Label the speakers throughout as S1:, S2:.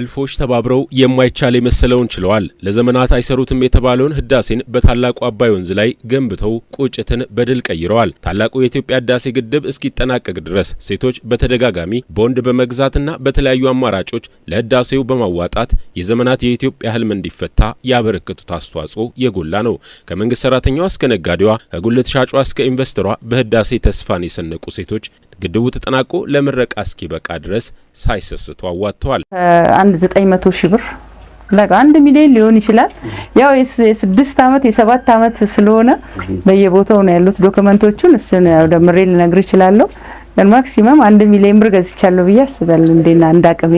S1: እልፎች ተባብረው የማይቻል የመሰለውን ችለዋል። ለዘመናት አይሰሩትም የተባለውን ህዳሴን በታላቁ አባይ ወንዝ ላይ ገንብተው ቁጭትን በድል ቀይረዋል። ታላቁ የኢትዮጵያ ህዳሴ ግድብ እስኪጠናቀቅ ድረስ ሴቶች በተደጋጋሚ ቦንድ በመግዛትና በተለያዩ አማራጮች ለህዳሴው በማዋጣት የዘመናት የኢትዮጵያ ህልም እንዲፈታ ያበረከቱት አስተዋጽኦ የጎላ ነው። ከመንግስት ሰራተኛዋ እስከ ነጋዴዋ፣ ከጉልት ሻጯ እስከ ኢንቨስተሯ በህዳሴ ተስፋን የሰነቁ ሴቶች ግድቡ ተጠናቆ ለምረቃ እስኪበቃ ድረስ ሳይሰስቱ አዋጥተዋል።
S2: አንድ ዘጠኝ መቶ ሺህ ብር ለቃ አንድ ሚሊዮን ሊሆን ይችላል። ያው የስድስት አመት የሰባት አመት ስለሆነ በየቦታው ነው ያሉት ዶክመንቶቹን እሱን ደምሬ ልነግር ይችላለሁ። ግን ማክሲመም አንድ ሚሊዮን ብር ገዝቻለሁ ብዬ አስባለሁ። እንዴና እንዳቅሜ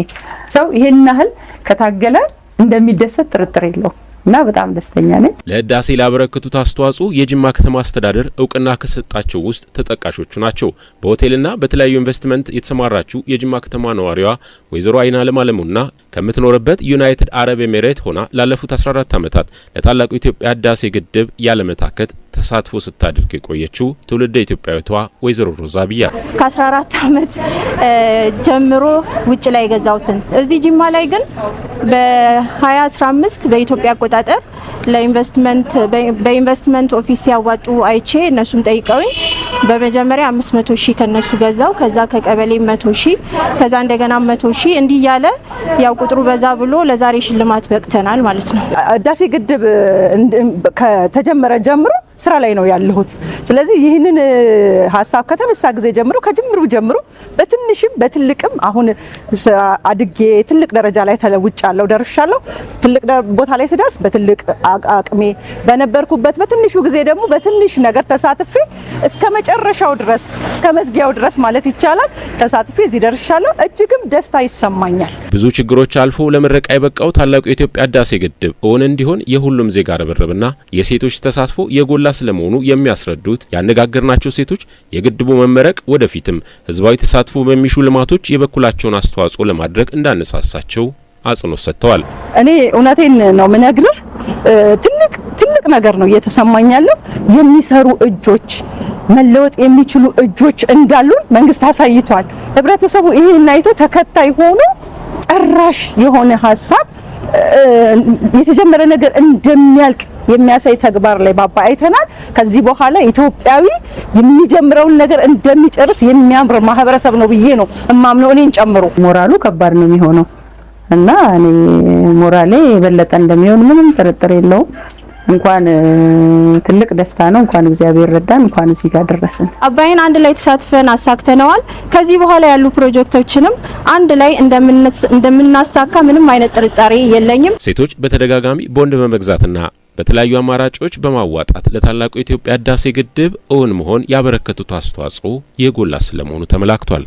S2: ሰው ይሄን ያህል ከታገለ እንደሚደሰት ጥርጥር የለውም። እና በጣም ደስተኛ ነኝ።
S1: ለህዳሴ ላበረከቱት አስተዋጽኦ የጅማ ከተማ አስተዳደር እውቅና ከሰጣቸው ውስጥ ተጠቃሾቹ ናቸው። በሆቴልና በተለያዩ ኢንቨስትመንት የተሰማራችው የጅማ ከተማ ነዋሪዋ ወይዘሮ አይን አለም ከምትኖርበት ዩናይትድ አረብ ኤሜሬት ሆና ላለፉት 14 ዓመታት ለታላቁ ኢትዮጵያ ህዳሴ ግድብ ያለመታከት ተሳትፎ ስታደርግ የቆየችው ትውልደ ኢትዮጵያዊቷ ወይዘሮ ሮዛ ብያ
S2: ከ14 ዓመት ጀምሮ ውጭ ላይ የገዛሁትን እዚህ ጅማ ላይ ግን በ2015 በኢትዮጵያ አቆጣጠር ለኢንቨስትመንት በኢንቨስትመንት ኦፊስ ያዋጡ አይቼ እነሱም ጠይቀውኝ በመጀመሪያ 500 ሺህ ከነሱ ገዛው። ከዛ ከቀበሌ 100 ሺህ ከዛ እንደገና 100 ሺህ እንዲህ እያለ ያው ቁጥሩ በዛ ብሎ ለዛሬ ሽልማት በቅተናል ማለት ነው።
S3: ህዳሴ ግድብ ከተጀመረ ጀምሮ ስራ ላይ ነው ያለሁት። ስለዚህ ይህንን ሀሳብ ከተነሳ ጊዜ ጀምሮ ከጅምሩ ጀምሮ በትንሽም በትልቅም አሁን አድጌ ትልቅ ደረጃ ላይ ተለውጫለሁ፣ ደርሻለሁ። ትልቅ ቦታ ላይ ስደርስ በትልቅ አቅሜ በነበርኩበት በትንሹ ጊዜ ደግሞ በትንሽ ነገር ተሳትፌ እስከ መጨረሻው ድረስ እስከ መዝጊያው ድረስ ማለት ይቻላል ተሳትፌ እዚህ ደርሻለሁ። እጅግም ደስታ ይሰማኛል።
S1: ብዙ ችግሮች አልፎ ለምረቃ የበቃው ታላቁ የኢትዮጵያ ህዳሴ ግድብ እውን እንዲሆን የሁሉም ዜጋ ርብርብና የሴቶች ተሳትፎ የጎላ ስለመሆኑ የሚያስረዱት ያነጋገርናቸው ሴቶች የግድቡ መመረቅ ወደፊትም ህዝባዊ ተሳትፎ በሚሹ ልማቶች የበኩላቸውን አስተዋጽኦ ለማድረግ እንዳነሳሳቸው አጽንኦት ሰጥተዋል።
S3: እኔ እውነቴን ነው ምነግርህ፣ ትልቅ ትልቅ ነገር ነው እየተሰማኝ ያለው። የሚሰሩ እጆች፣ መለወጥ የሚችሉ እጆች እንዳሉን መንግስት አሳይቷል። ህብረተሰቡ ይሄን አይቶ ተከታይ ሆኖ ጨራሽ የሆነ ሀሳብ የተጀመረ ነገር እንደሚያልቅ የሚያሳይ ተግባር ላይ ባባ አይተናል። ከዚህ በኋላ ኢትዮጵያዊ የሚጀምረውን ነገር እንደሚጨርስ የሚያምር ማህበረሰብ ነው ብዬ ነው እማምነው እኔን ጨምሮ።
S4: ሞራሉ ከባድ ነው የሚሆነው እና እኔ ሞራሌ የበለጠ እንደሚሆን ምንም ጥርጥር የለውም። እንኳን ትልቅ ደስታ ነው። እንኳን እግዚአብሔር ረዳን፣ እንኳን እዚህ ጋር ደረስን።
S2: አባይን አንድ ላይ ተሳትፈን አሳክተነዋል። ከዚህ በኋላ ያሉ ፕሮጀክቶችንም አንድ ላይ እንደምናሳካ ምንም አይነት ጥርጣሬ የለኝም።
S1: ሴቶች በተደጋጋሚ ቦንድ በመግዛትና በተለያዩ አማራጮች በማዋጣት ለታላቁ የኢትዮጵያ ህዳሴ ግድብ እውን መሆን ያበረከቱት አስተዋጽኦ የጎላ ስለመሆኑ ተመላክቷል።